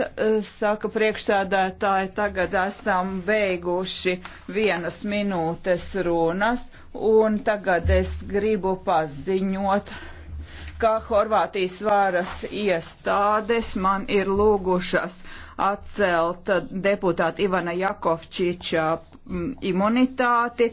E, saka priekšsēdētāji, tagad esam beiguši vienas minūtes runas, un tagad es gribu paziņot, ka Horvātijas vāras iestādes man ir lūgušas atcelt deputāta Ivana Jakovčiča imunitāti.